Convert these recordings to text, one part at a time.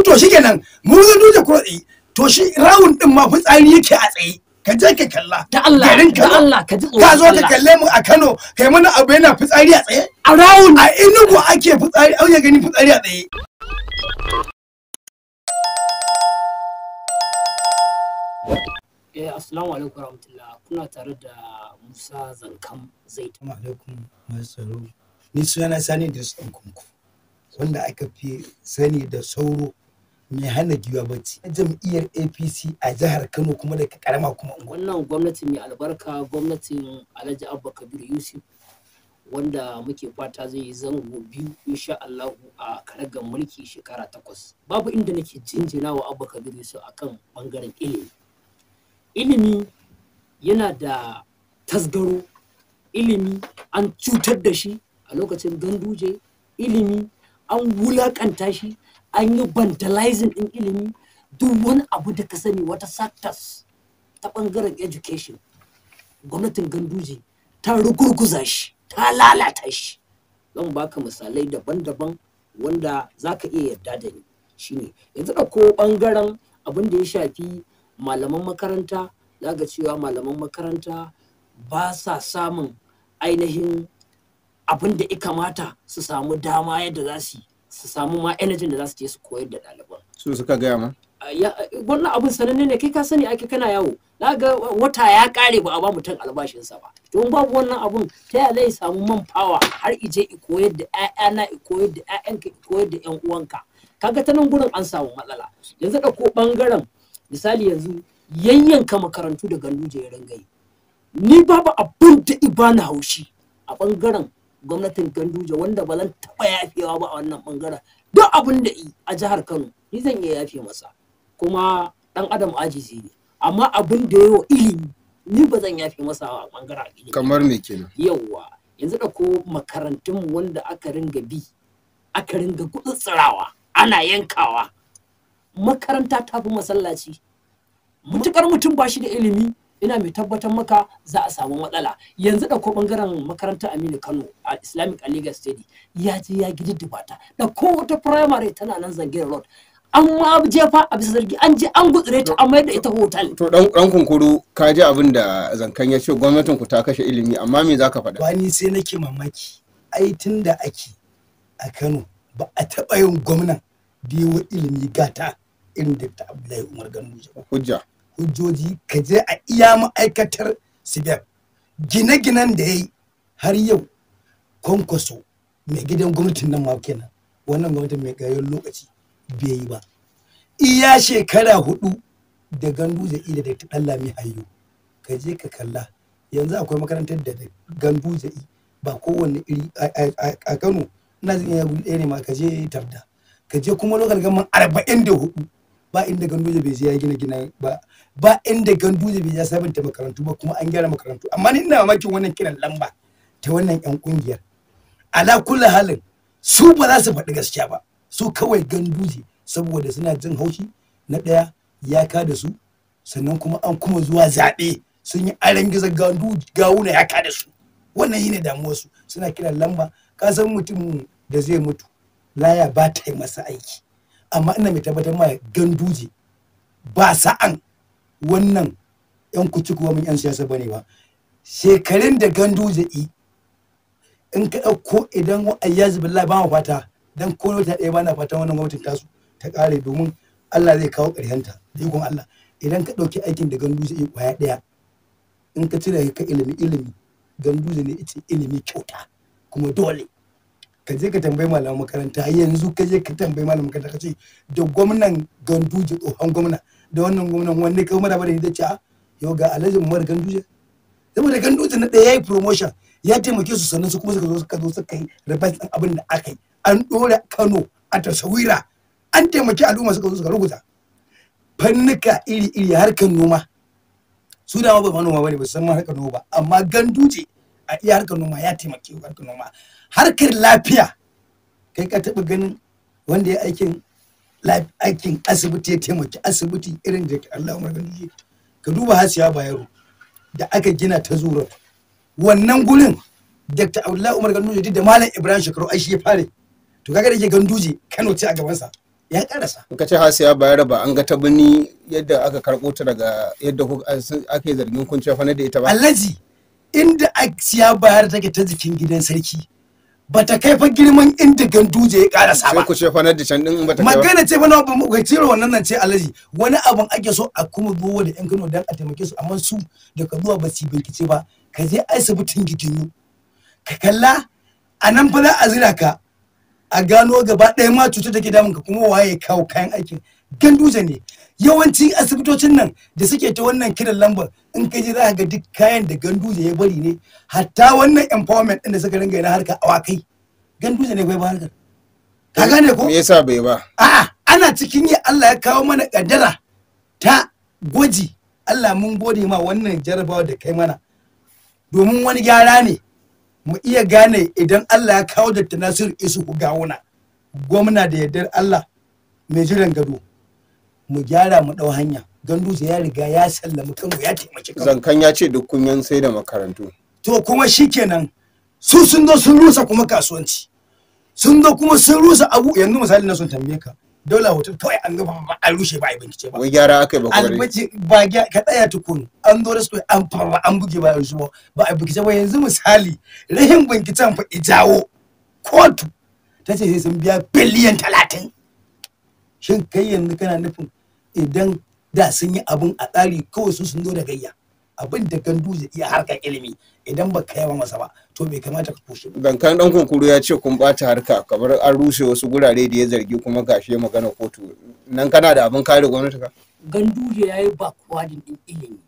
yanzu to shikenan mu zan duje ko to shi rawun din ma fitsari yake a tsaye ka je ka kalla da Allah da Allah ka ji ka zo ka kalle mu a Kano kai mana abu yana fitsari a tsaye a rawun a inugo ake fitsari auya gani fitsari a tsaye eh Assalamu alaikum warahmatullah kuna tare da Musa Zankam Zaid. Assalamu alaikum masu ni suna sani da su kunku wanda aka fi sani da sauro mai hana giwa bacci jam'iyyar apc a jihar kano kuma da karama kuma wannan gwamnati mai albarka gwamnatin alhaji abba kabir yusuf wanda muke fata zai yi zango biyu insha Allahu a karagar mulki shekara takwas babu inda nake jinjina wa abba kabir yusuf akan bangaren ilimi ilimi yana da tasgaro ilimi an cutar da shi a lokacin ganduje ilimi an wulakanta shi an yi vandalizing din ilimi duk wani abu da ka sani wata sectors ta bangaren education gwamnatin ganduje ta rugurguza shi ta lalata shi zan baka misalai daban-daban wanda za ka iya yarda da ni shine yanzu ko bangaren abin da ya shafi malaman makaranta za cewa malaman makaranta ba sa samun ainihin abin da ya kamata su samu dama yadda za su yi su samu ma energy da za su je su koyar da ɗaliban. su suka gaya ma wannan abin sananne ne kai ka sani ake kana yawo na ga wata ya kare ba a ba mutum albashinsa ba don babu wannan abun ta ya zai samu man fawa har ije i koyar da ƴaƴana i koyar da ƴaƴanka i koyar da ƴan uwanka kaga ta nan gurin an samu matsala yanzu da ko bangaren misali yanzu yayyanka makarantu da ganduje ya rangayi ni babu abin da bani haushi a bangaren gwamnatin Ganduje wanda ba zan taɓa yafewa ba a wannan bangaren duk abin da yi a jihar Kano ni zan iya yafe masa kuma ɗan adam ajizi ne amma abin da yawa ilimi ni ba zan yafe masa a bangaren ilimi kamar me kenan yawa yanzu da ko makarantun wanda aka ringa bi aka ringa gutsurawa ana yankawa makaranta ta fi masallaci mutukar mutum ba shi da ilimi ina mai tabbatar maka za a samu matsala yanzu da ko bangaren makarantar Aminu Kano a Islamic Legal Study ya je ya gidi dubata da ko wata primary tana nan Zangin Road an ma jefa a bisa zargi an je an gutsure ta an mayar da ita hotel to dan dan kunkuru ka ji abin da zankan ya ce gwamnatin ku ta kashe ilimi amma me zaka faɗa wani sai nake mamaki ai tunda ake a Kano ba a taɓa yin gwamnan da ilimi gata irin ta Abdullahi Umar Ganduje ba hujja hujjoji ka je a iya ma'aikatar sibir gine-ginen da ya yi har yau kwankwaso mai gidan gwamnatin nan ma kenan wannan gwamnatin mai gayon lokaci bai yi ba iya shekara hudu da gandu da ida da ta lami hayo ka je ka kalla yanzu akwai makarantar da gandu da ba kowanne iri a kano na zai iya ɗaya ne ma ka je tabda ka je kuma lokacin gaman arba'in da hudu ba inda ganduje bai je ya gina gina ba ba inda ganduje bai ya sabunta makarantu ba kuma an gyara makarantu amma ni ina mamakin wannan kiran lamba ta wannan yan kungiyar ala kulli halin su ba za su faɗi gaskiya ba su kawai ganduje saboda suna jin haushi na ɗaya ya ka da su sannan kuma an kuma zuwa zaɓe sun yi aran giza gawuna ya ka da su wannan damuwar su suna kiran lamba ka san mutum da zai mutu laya ba ta yi masa aiki amma ina mai tabbatar ma ganduje ba sa'an wannan yan kuci kuwa mun yan siyasa bane ba shekarun da ganduje i in ka ɗauko idan ayyazu billahi ba fata dan ko ta ɗaya ba na fata wannan gwamnatin tasu ta kare domin Allah zai kawo ƙarshenta ta ikon Allah idan ka ɗauki aikin da ganduje i kwaya ɗaya in ka cire ka ilimi ilimi ganduje ne ita ilimi kyauta kuma dole ka je ka tambayi malaman makaranta yanzu ka je ka tambayi malaman makaranta ka ce da gwamnan ganduje tsohon gwamna da wannan gwamnan wanne kai mara bada da ce a ah, yau ga alhaji umar ganduje saboda ganduje na ɗaya yayi promotion ya taimake su sannan su kuma suka zo suka zo suka yi reverse din abin da aka yi an dora kano a tasawira an taimaki al'umma suka zo suka rubuta fannuka iri-iri harkar noma su da ba manoma ba ne ba su san harkar noma ba amma ganduje a iya harkar noma ya taimake harkar noma harkar lafiya kai ka taɓa ganin wanda ya aikin aikin asibiti ya taimaki asibiti irin da Allah umar gani ka duba hasiya bayero da aka gina ta zura wannan gulin Dr. Abdullahi Umar Ganduje da Malam Ibrahim Shekaru ai shi ya fare to kaga da Ganduje Kano ce a gabansa ya karasa ka ce hasiya bayero ba an ga ta bini yadda aka karbo ta daga yadda ake zargin kun cewa da ita ba Alhaji inda ya bayar take ta jikin gidan sarki ba ta kai fa girman inda ganduje ya karasa ba. Sai ce fa na dishan din ba ta kai. Magana ce fa na ba cire wannan nan ce alaji wani abun ake so a kuma zuwa da yan Kano dan a taimake su amma su da ka zuwa ba su bincike ba ka je asibitin giginyu ka kalla a nan fa za a zira ka a gano gaba ɗaya ma cutar take damun ka kuma waye kawo kayan aikin ganduje ne yawanci asibitocin nan da suke ta wannan kiran lambar in ka je za ga duk kayan da ganduje ya bari ne hatta wannan empowerment din da suka ringa yana harka awakai ganduje ne bai ba harkar ka gane ko me yasa bai ba a'a ana cikin yi Allah ya kawo mana kaddara ta gwaji Allah mun gode ma wannan jarabawa da kai mana domin wani gyara ne mu iya gane idan Allah ya kawo da Nasiru Isu gawuna gwamna da yardar Allah mai jiran gado mu gyara mu dau hanya ganduje ya riga ya sallama kanmu ya taimaki kanmu zankan ya ce duk kunyan sai da makarantu to kuma shikenan su sun zo sun rusa kuma kasuwanci sun zo kuma sun rusa abu yanzu misali na sun tambaye ka dole hotel kawai an gaba ba a rushe ba a bincike ba wai gyara aka yi ba kwari ba ka tsaya tukun an zo rasu an fara an buge ba yanzu ba ba a bincike ba yanzu misali rahin binciken fa ijawo kotu ta ce sai sun biya biliyan talatin shin kai yanzu kana nufin idan da sun yi abin a tsari kawai sun sun zo da gayya abin da gandu zai iya harkar ilimi idan ba ka yawa masa ba to bai kamata ka kushe gankan dan kunkuru ya ce kun bata harka kamar an rushe wasu gurare da ya zargi kuma gashi magana kotu nan kana da abin kare gwamnati ka gandu ya yi ba kowa din ilimi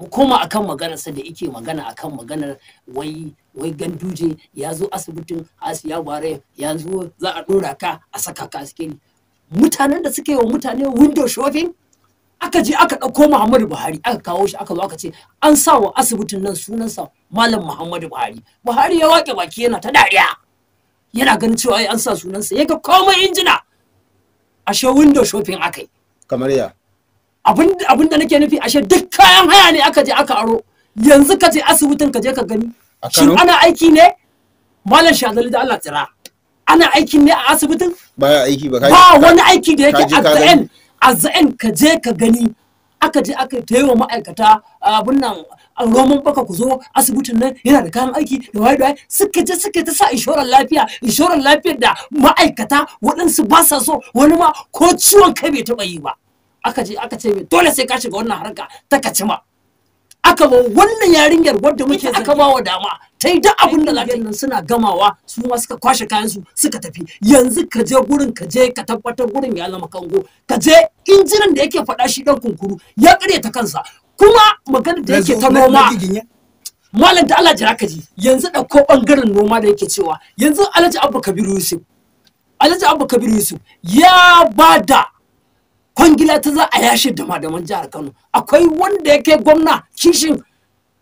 mu koma akan maganarsa da yake magana akan maganar wai wai ganduje ya zo asibitin asiya bare ya zo za a dora ka a saka ka askeri mutanen da suke wa mutane window shopping aka je aka ɗauko Muhammadu Buhari aka kawo shi aka zo aka ce an sa wa asibitin nan sunansa Malam Muhammadu Buhari Buhari ya wake baki yana ta dariya yana ganin cewa ai an sa sunansa ya ga komai injina ashe window shopping akai kamar ya abin abin da nake nufi ashe duk kayan haya ne aka je aka aro yanzu ka je asibitin ka je ka gani shin ana aiki ne Malam Shazali da Allah tsira ana aiki ne a asibitin ba aiki ba ba wani aiki da yake at the end at the end ka je ka gani aka je aka ta wa ma'aikata abin nan roman baka ku zo asibitin nan yana da kayan aiki da waye da waye suka je suka ta sa inshorar lafiya inshorar lafiyar da ma'aikata waɗansu ba sa so wani ma ko ciwon kai bai taɓa yi ba aka je aka ce dole sai ka shiga wannan harka ta kacima aka ba wannan yarinyar wadda muke aka ba wa dama ta yi duk da zata nan suna gamawa su ma suka kwashe kayan su suka tafi yanzu ka je gurin ka je ka tabbatar gurin ya zama kango ka je injinan da yake faɗa shi dan kunkuru ya ta kansa kuma maganar da yake ta noma malam da Allah jira kaji. yanzu da ko bangaren noma da yake cewa yanzu Alhaji Abba Kabiru Yusuf Alhaji Abba Kabiru Yusuf ya bada kwangila ta za a yashe da madaman jihar kano akwai wanda yake gwamna kishin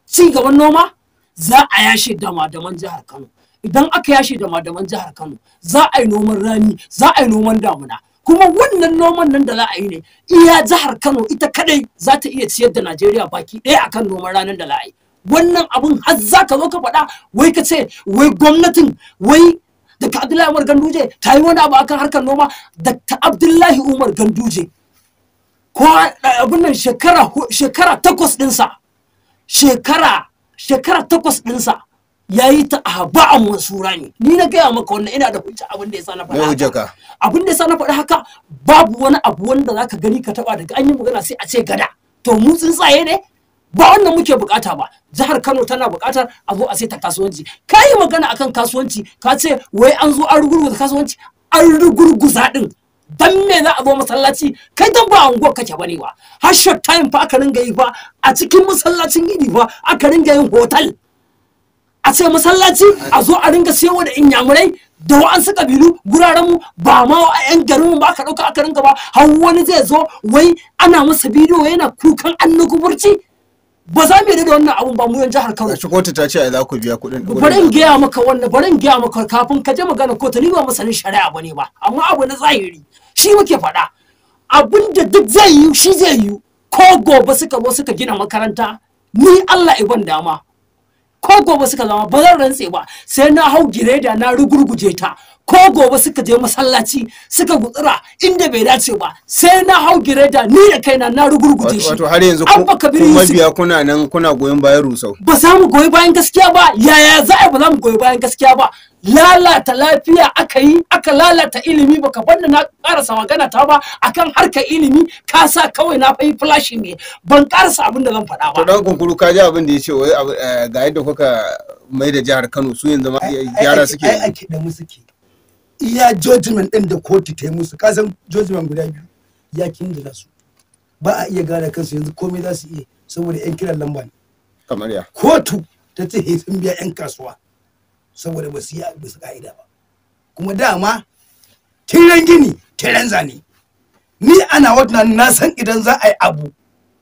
ci gaban noma za a yashe da madaman jihar kano idan aka yashe da madaman jihar kano za a yi noman rani za a yi noman damuna kuma wannan noman nan da za a yi ne iya jihar kano ita kadai za ta iya ciyar da najeriya baki ɗaya akan noman ranar da za a yi wannan abun har za ka zo ka faɗa wai ka ce wai gwamnatin wai da ka Abdullahi Umar Ganduje ta yi wani abu akan harkar noma da Abdullahi Umar Ganduje ko eh, abin nan shekara shekara takwas ɗinsa shekara shekara takwas ɗinsa ya yi ta a ba a mansura ne ni na gaya maka wannan ina da hujja abin da ya sa na faɗa haka abin da ya sa na faɗi haka babu wani abu wanda zaka gani ka taba daga an yi magana sai a ce gada to mu tsuntsaye ne ba wannan muke bukata ba jihar Kano tana bukatar a zo a sai ta kasuwanci ka yi magana akan kasuwanci ka ce wai an zo an rugurguza kasuwanci an rugurguza din dan me za a zo masallaci kai dan ba unguwar kake bane ba har short time fa aka ringa yi fa a cikin masallacin idi fa aka ringa yin hotel a ce masallaci a zo a ringa Sayo da inyamurai da wa'ansu kabilu guraren mu ba ma a yan garin mu ba ka dauka aka ringa ba har wani zai zo wai ana masa bidiyo yana kukan annakuburci ba za mu yi da wannan abun ba mu yan jihar Kano. Shi kotu ta ce ai za ku biya kuɗin Ba Bari gaya maka wannan bari gaya maka kafin ka je magana kotu ni ba masanin shari'a bane ba amma abu na zahiri shi muke faɗa abin da duk zai yi shi zai yi ko gobe suka zo suka gina makaranta ni Allah ban dama ko gobe suka zama ba zan rantse ba sai na hau gireda na rugurguje ta ko gobe suka je masallaci suka gutsura inda bai dace ba sai na hau gireda ni da kaina na rugurguje shi wato har yanzu kuma biya kuna nan kuna goyon bayan rusau ba za mu goyi bayan gaskiya ba yaya za a ba za mu goyi bayan gaskiya ba lalata lafiya aka yi aka lalata ilimi baka banda na karasa magana ta ba akan harkar ilimi ka sa kawai na fayi flashi ne ban karasa abin da zan faɗa ba to dan kunkuru ka ji abin da ya ce wai eh, ga yadda kuka mai da jihar Kano su yanzu ma yara suke ai ake da mu suke iya judgment ɗin da kotu ta yi musu kasan judgment guda biyu ya kindila su ba a iya gane kansu yanzu komai za su iya saboda yan kiran lamba ne kamar ya kotu ta ce sun biya yan kasuwa saboda ba su yi ba su ka'ida ba kuma dama kiran gini tiran zane ni ana wadda na san idan za a yi abu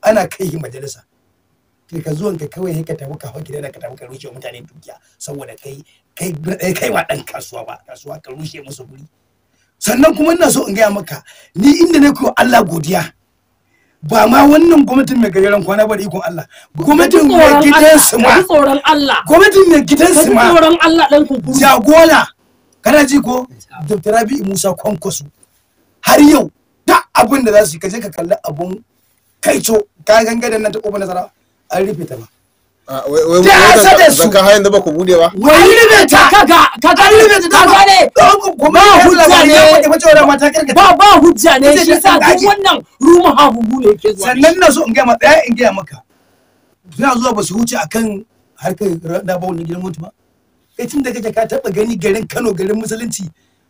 ana kai majalisa daga zuwan ka kawai sai ka tafi ka gida da ka tafi ka rushe mutane dukiya saboda kai kai eh, kai wa dan kasuwa ba kasuwa ka rushe musu guri sannan kuma ina so in gaya maka ni inda ne ko Allah godiya ba ma wannan gwamnatin mai gajeren kwana ba da ikon Allah gwamnatin mai gidan su ma tsoron Allah gwamnatin mai gidan su ma tsoron Allah dan kuku jagora kana ji ko Dr. Rabi Musa Kwankwaso har yau duk abin da za su yi ka je ka kalli abun kaico ka ganga nan ta kofa nasara an rufe ta ba ah, ta hasa da su zaka hayan da ba ku bude ba wai rufe ta kaga kaga rufe ta kaga ne ba hujja ne ba ba hujja ne shi sa duk wannan ruma habubu ne ke zuwa sannan na so in gaya matsaya in ga maka suna zuwa ba su huce akan harkar na ba wani gidan mutu ba kai tun da kake ka taɓa gani garin Kano garin musulunci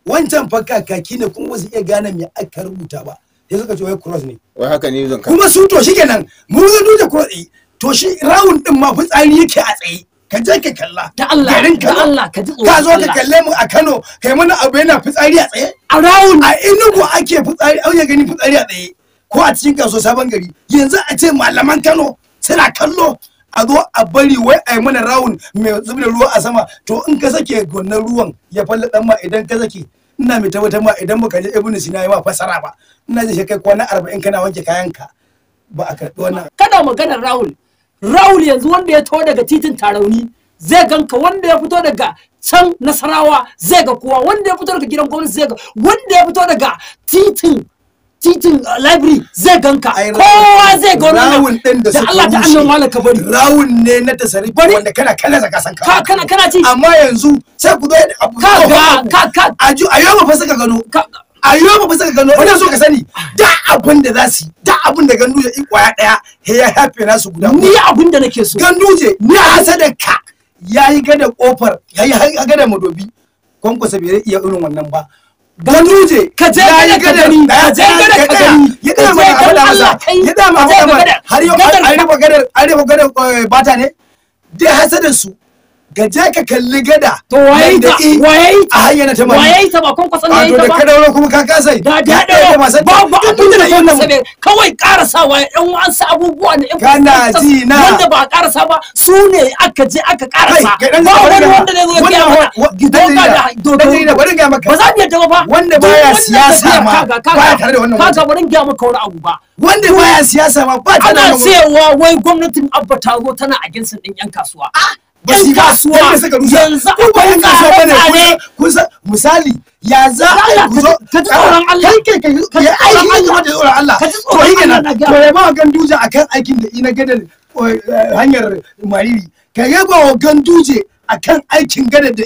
wancan fa kakaki ne kuma ba iya gane me aka rubuta ba sai suka ce wai cross ne wai haka ne zan kuma su to shikenan mu zan duje cross eh, to shi rawun din ma fitsari yake a tsaye ka je ka kalla da Allah garin Allah ka ji ka zo ka kalle mu a Kano kai mana abu yana fitsari a tsaye a rawun a ko ake fitsari auye gani fitsari a tsaye ko a cikin kaso sabon gari yanzu a ce malaman Kano suna kallo a zo a bari wai a yi mana rawun mai zubin ruwa a sama to in ka sake wannan ruwan ya falle dan ma idan ka sake ina mai tabbatar ma idan baka je ibnu sina yi ma fasara ba ina je kai kwana 40 kana wanke kayanka ba a karbi wannan kana maganar rawun Raul yanzu wanda ya to daga titin Tarauni zai ganka wanda ya fito daga can Nasarawa zai ga kowa wanda ya fito daga gidan gwamnati zai ga wanda ya fito daga titin titin uh, library zai ganka kowa zai ga Raul din da Allah ta annan malaka ka bari rawun ne na tasari wanda kana kana zaka san ka kana kana ci amma yanzu sai ku zo ka ga ka ka a yau fa suka gano a yau ba saka gano wani so ka sani da abin da za su yi da abin da gandu ya kwaya daya he ya hafe su guda ni abin da nake so ganduje ni a ya yi gada kofar yayi gada madobi kwankwasa bai iya irin wannan ba ganduje ka je gada ka gani ka je gada ka gani ya da ma abada maza ya da ma abada har yau an rufe gadar an rufe gadar eh, bata ne dai hasadan su ka je ka kalli gada to waye ta waye ta a hanyar ta mai waye ta ba kun kwasan yayi ta ba to da kada kuma ka kasa yi da da da ba ba abin da zan sabe kawai karasawa ɗan wa'ansu abubuwa da kana ji na wanda ba karasa ba su ne aka je aka karasa ba wani wanda zai zo ya ga gidan da dodo ba za ni yadda ba wanda baya siyasa ma ba tare da wannan kaga bari ga maka wani abu ba wanda baya siyasa ma ba tare da ana cewa wai gwamnatin abba ta zo tana a ginsin ɗin yan kasuwa ah! yan kasuwa yanzu akwai tsare-tsare misali ya za a ku zo ka ah, ka aikin da ina gadar eh, hanyar mariri ka yaba wa ganduje kan aikin gadar da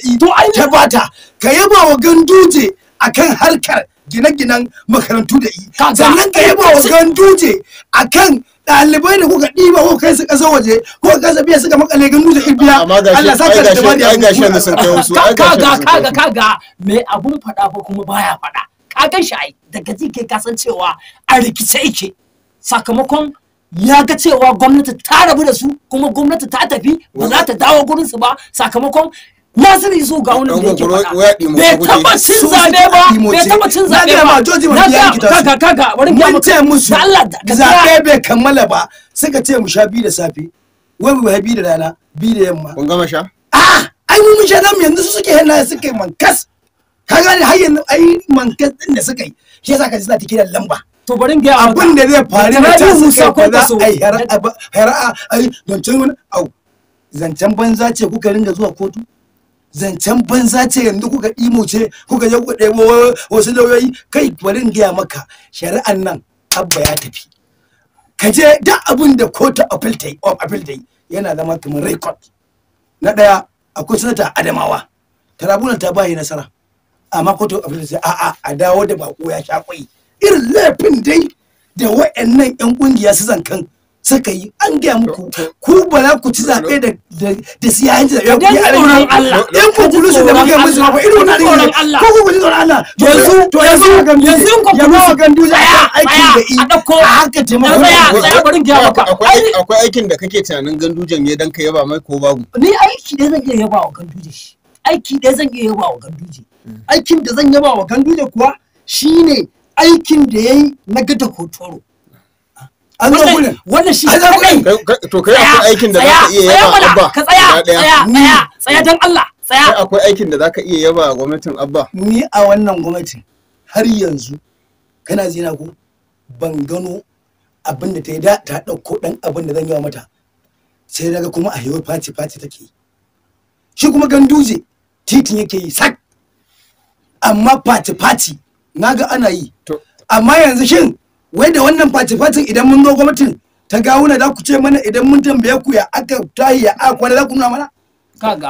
ta bata ka yaba wa ganduje akan harkar gine-ginen makarantu da yi sannan ka ba wa ganduje kan ɗalibai da kuka ɗiba ko kai su ƙasa waje ko ƙasa biya suka makale gandu da ibiya Allah ka da dabari a kaga kaga kaga me abun faɗa ko kuma baya faɗa kagan shi ai daga ji kasan cewa a rikice yake sakamakon ya ga cewa gwamnati ta rabu da su kuma gwamnati ta tafi ba za ta dawo gurinsu ba sakamakon Nasiru so ga wani da yake faɗa. Bai taɓa cin zaɓe ba, bai taɓa cin zaɓe ba. Na ga kaga kaga wani kyamu. Mun ce musu zaɓe bai kammala ba suka ce mu sha biyu da safe. Wai mu biyu da rana, bi da yamma. Kun gama sha? Ah, ai mun sha namu yanzu suke hannaye suke yi mankas. Kaga ne har yanzu ai mankas ɗin da suka yi. Shi yasa ka ji suna ta kiran lamba. To bari gaya maka. da zai faru da ta suka yi ba za a har hara'a, ai zancen wani au. Zancen banza ce kuka ringa zuwa kotu. zancen banza ce yanzu kuka ɗimo ce kuka je kuka ɗebo wasu lauyoyi kai bari gaya maka shari'an nan abba ya tafi ka je duk abin da kotu appeal ta yi yana zama kamar record na ɗaya akwai sanata adamawa Tarabuna ta bayi nasara amma kotu appeal ta a'a a dawo da bako ya sha irin laifin dai da wa'annan 'yan ƙungiya su zankan suka yi an gaya muku ku ba za ku ci zaɓe da da siyayenci zaɓe ku yi tsoron Allah in ku kulu su da muke musu ba irin wannan tsoron Allah ko ku kulu tsoron Allah yanzu yanzu yanzu ku kulu su gandu za a aikin da i a haka taimako ya tsaya bari in gaya maka akwai aikin da kake tunanin gandujan ya dan ka yaba mai ko babu ni aiki da zan iya yaba wa ganduje shi aiki da zan iya yaba wa ganduje aikin da zan yaba wa ganduje kuwa shine aikin da yayi na gata kotoro an zo gurin wannan shi kadai to kai akwai aikin da za ka iya yaba abba ka tsaya tsaya tsaya tsaya dan Allah tsaya kai akwai aikin da za ka iya yaba gwamnatin abba ni a wannan gwamnati har yanzu kana zina ko ban gano abin da ta yi da ta dauko dan abin da zan yi wa mata sai daga kuma a yau faci faci take shi kuma ganduje titin yake yi sak amma faci na ga ana yi amma yanzu shin wai da wannan face-facen idan mun zo gwamnatin ta gawuna za ku ce mana idan mun tambaye ku ya aka tahi ya aka wani za ku nuna mana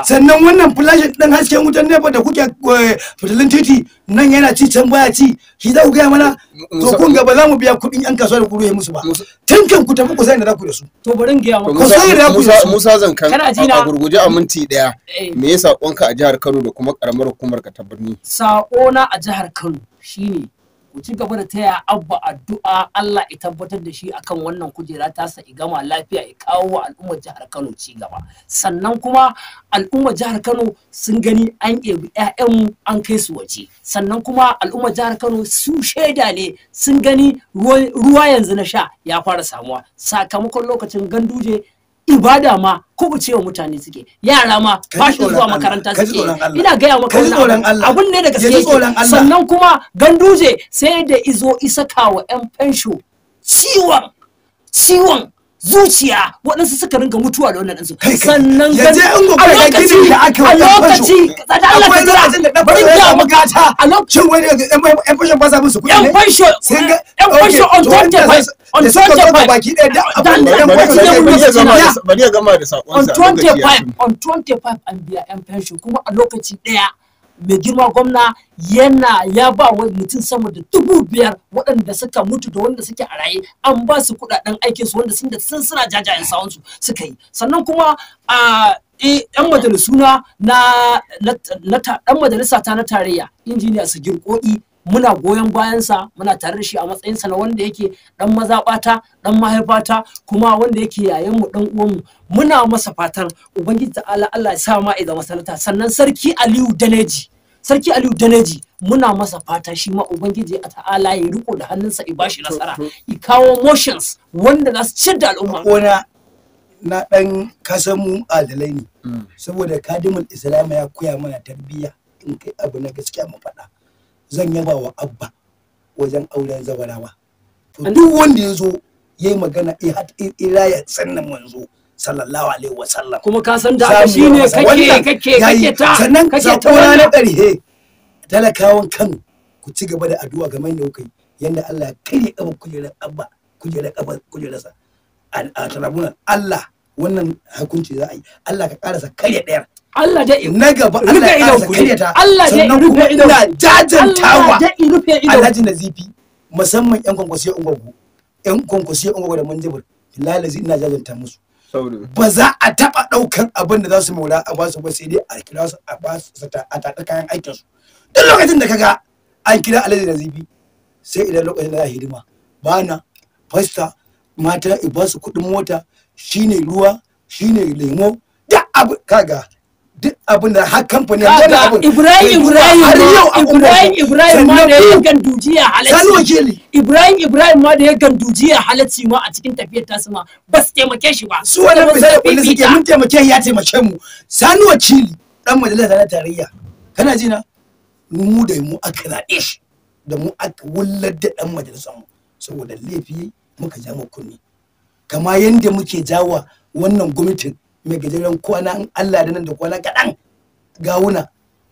sannan wannan flash ɗin hasken wutan nefa da kuke eh, fitilin titi nan yana ci can baya ci shi za ku gaya mana to kun ga ba za mu biya kuɗin yan kasuwa da ku ruye musu ba tankan ku tafi ku sai da za ku da su to bari gaya maka ku sai da ku Musa Zankan a gurguje a minti daya eh. me yasa saƙonka a jihar Kano da kuma karamar hukumar ka ta birni sako na a jihar Kano shine ku ci gaba da taya abba addu'a Allah ya tabbatar da shi akan wannan kujera ta sa gama lafiya i kawo wa al'ummar jihar Kano ci gaba sannan kuma al'ummar jihar Kano sun gani an ebi ƴaƴanmu an kai su waje sannan kuma al'ummar jihar Kano su shaida ne sun gani ruwa yanzu na sha ya fara samuwa sakamakon lokacin ganduje ibada ma ko ce cewa mutane suke yara ma ba shi zuwa makaranta suke ina gaya maka wannan abun ne da gaske sannan kuma ganduje sai da izo isaka wa yan fensho ciwon ciwon zuciya waɗansu suka rinka mutuwa da wannan ɗansu sannan gani a lokaci aka a lokaci da Allah ka jira bari ga magata a lokacin wani yan fashion ba sa musu kuɗi ne yan fashion yan fashion on 25 on 25 baki ɗaya da abin da yan fashion bari ya gama da sakonsa on 25 on 25 an biya yan fashion kuma a lokaci ɗaya mai girma gwamna yana ya ba wa mutum sama da dubu biyar waɗanda suka mutu da wanda suke a raye an ba su kuɗaɗen aikin su wanda sun da sun suna jajayen sawansu suka yi sannan kuma a yan majalisa ta na tarayya injiniya su girko'i. muna goyon bayansa muna tare da shi a matsayinsa na wanda yake dan bata, dan mahaifata kuma wanda yake yayan mu dan uwanmu muna masa fatan. ubangiji ta'ala Allah ya sa ma ya zama sanata sannan sarki Aliyu Daneji sarki Aliyu Daneji muna masa fata shi ma ubangiji ta'ala ya riko da hannunsa ya bashi nasara ya kawo motions wanda za su ciyar da al'umma na dan kasanmu adalai ne mm. saboda kadimul islam ya koya mana tarbiyya in kai abu na gaskiya mu faɗa zan yaba wa abba wajen auren zabarawa to duk wanda ya zo ya yi magana ila ya sannan manzo sallallahu alaihi wa sallam kuma ka san da aka shine kake kake kake ta sannan sakona na ƙarhe talakawan Kano ku ci gaba da addu'a game da kuka yi yanda Allah ya kare kafa kujerar abba kujerar kafa kujerarsa a tarabuna Allah wannan hukunci za a yi Allah ka karasa karya ɗayar Allah da in na gaba Allah ya ƙasa karyata Allah da in rufe ido ina jajantawa Alhaji Nazifi musamman yan kwankwasiyar ungwagu yan kwankwasiyar ungwagu da manjibir lalazi ina jajanta musu ba za a taɓa ɗaukan abin da za su maula a basu ba sai dai a kira su a basu a tatar kayan aikin su duk lokacin da kaga an kira Alhaji Nazifi sai idan lokacin da za a hidima bana fasta mata ba su kuɗin mota shine ruwa shine lemo da abu kaga duk abin da har kamfani yana abin Ibrahim Ibrahim har yau Ibrahim Ibrahim ma da ya ganduji a halacci Ibrahim Ibrahim ma da ya ganduji a halacci ma a cikin tafiyar tasu ma ba su taimake shi ba su wannan misali kullu suke mun taimake ya taimake mu Sani wakili dan majalisar na tarayya kana ji na mu da mu aka zaɓe shi da mu aka wullar da dan majalisar mu saboda laifi muka ja mu kunni kama yadda muke jawa wannan gwamnatin mai gajeren kwana an Allah da nan da kwana kaɗan gawuna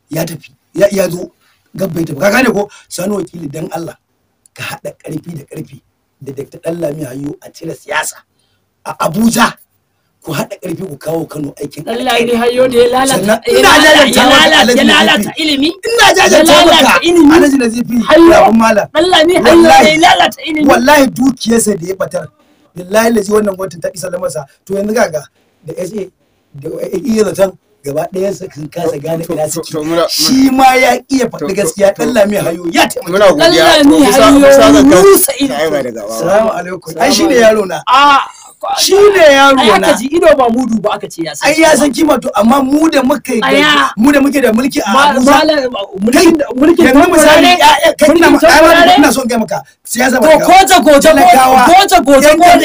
ya tafi ya ya zo gabbai tafi ka gane ko sani wakili dan Allah ka haɗa ƙarfi da ƙarfi da Dr. Dallami Hayo a cire siyasa a Abuja ku haɗa ƙarfi ku kawo Kano aikin Allah ne hayo da ya lalata ina jajanta ya lalata ilimi ina jajanta lalata ilimi Alhaji Nazifi hayo mala Allah ne hayo da ya lalata ilimi wallahi dukiyarsa da ya batar billahi lazi wannan gwamnati ta isa lamarsa to yanzu da sa da iya e zaton gaba ɗayan sa sun kasa gane ina suke shi ma ya iya faɗi gaskiya dan lami hayo ya taimaka muna godiya to musa musa salamu alaikum ai shine yaro na a shi ne yaro na aka ido ba mudu ba aka ce ya san ai ya san kima to amma mu da muke mu da muke da mulki a Abuja mulkin mulkin misali kai ai to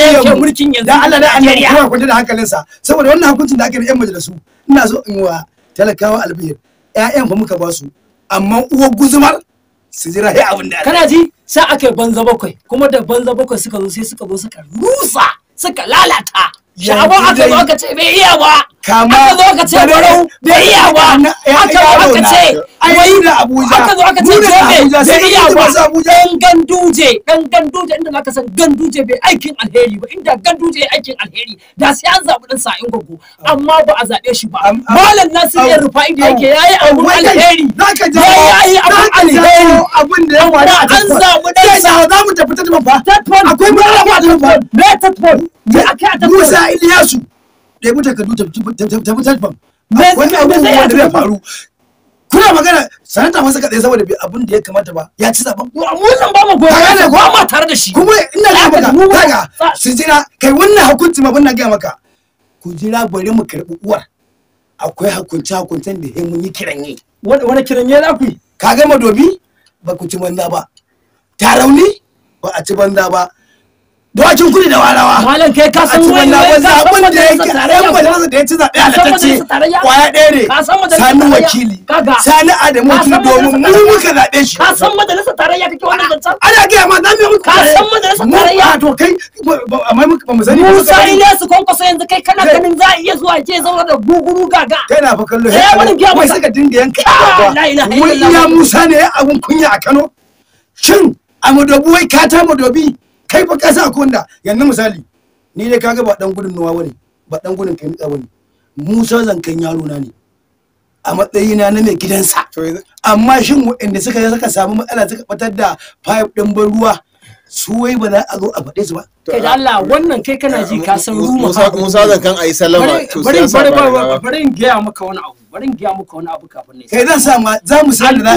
yake mulkin yanzu dan Allah da kuma da wannan hukuncin da ake da yan majalisu ina so in wa talakawa albiyar ƴaƴan fa muka ba su amma guzumar su jira kana ji sai aka banza bakwai kuma da banza bakwai suka zo sai suka zo suka rusa suka lalata Shabu aka zo aka ce bai iya ba. aka zo aka ce barau bai iya ba. Aka zo ka ce wai aka zo ce bai iya ba. Dan ganduje dan ganduje inda zaka san ganduje bai aikin alheri ba inda ganduje ya aikin alheri da sai an zaɓi dan sa'in gogo ah. amma ba a zaɓe shi ba. Malam Nasiru ya rufa inda yake yayi abun alheri. Yayi abun alheri. Abin da ya wani a tafi. An zaɓi dan sa'in. Za mu tafi ta ba. Akwai ba platform me akai Musa Iliyasu da ya mutaka duta tafi platform wani abubuwa da ya faru kuna magana sanata masa kadai saboda bai abin da ya kamata ba ya ci zaben mu nan ba mu goyon ne ba ma tare da shi kuma ina da maka kaga su jira kai wannan hukunci ma bunna ga maka ku jira bari mu karbi uwar akwai hakunce hakuncen da mun yi kiranye wani kiranye za ku yi ka gama madobi ba ku ci banza ba ta rauni ba a ci banza ba dawakin kudi da warawa malam kai ka san wani wai ka san wanda yake ɗayan majalisar da ya ci zaɓe halatacce kwaya ɗaya ne sani wakili sani adamu wakili domin mu muka zaɓe shi ka san tarayya kake wannan zancen ana gaya ma ka san majalisar tarayya mu to kai ba mu sani ba musa su kwankwaso yanzu kai kana ganin za a iya zuwa je zauna da guguru gaga kai na fa kallo ya wani suka dinga yanka wai iya musa ne abun kunya a kano shin a madobi wai ka ta madobi kai fa kasa akwai kunda yanzu misali ni dai kaga ba dan gudun nuwa bane ba dan gudun kai nika bane Musa zankan yaro na ne a matsayina na mai gidansa amma shin wanda suka suka samu matsala suka fitar da pipe din ban ruwa su wai ba za a zo a faɗe su ba. Kai da Allah wannan kai kana ji ka san ruwa. Musa Musa zan kan ayi salama to sai sa ba. Bari in gaya maka wani abu. Bari in gaya maka wani abu kafin ne. Kai zan sa ma za mu sani da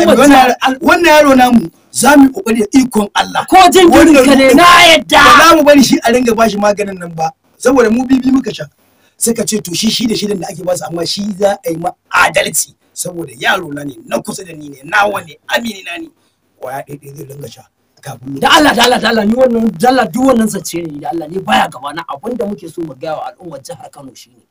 wannan yaro namu za mu yi kokari da ikon Allah ko jin ka ne na yadda ba za mu bari shi a ringa bashi maganin nan ba saboda mu bibi muka sha sai ka ce to shi shi da shirin da ake basu amma shi za a yi ma adalci saboda yaro na ne na kusa da ni ne na ne amini na ne kwaya ɗaiɗai zai ringa sha kafin da Allah da Allah da Allah ni wannan dalla duk wannan sace ne da Allah ne baya gaba na abinda muke so mu ga wa al'ummar jihar Kano shine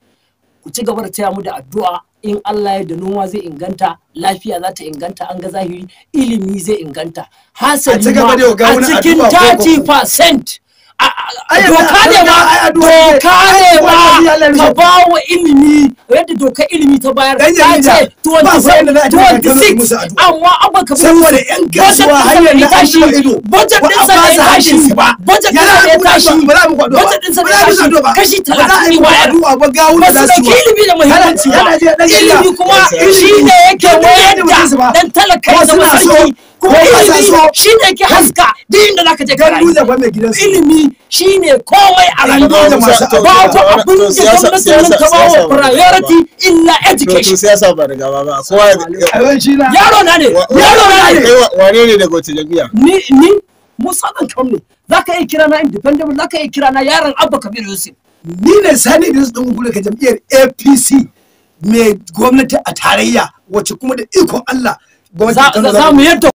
ku ci gaba da taya mu da addu'a in Allah ya da noma zai inganta lafiya za ta inganta an ga zahiri ilimi zai inganta hasali ma a cikin 30% doka ne ma doka ne ma ka ba wa ilimi yadda doka ilimi ta bayar ta ce 26 amma abba ka fi wani yan kasuwa hanyar na tashi budget din sa ne tashi budget din sa ne tashi din sa ne tashi kashi 30 ne wayar ba su dauki ilimi da muhimmanci ba ilimi kuma shi ne yake wayar da dan talaka da zama sarki kuma ilimi shine ke haska din da zaka je ka rayu ilimi shine komai a rayuwa ba wata abin da gwamnati nan ta ba wa priority illa education siyasa ba daga ba kowa yaro na ne yaro na ne wane ne daga wata jami'a ni ni musa dan kam ne zaka iya kira na independent zaka iya kira na yaron abba kabir yusuf ni ne sani da gure ka jam'iyyar APC mai gwamnati a tarayya wacce kuma da ikon Allah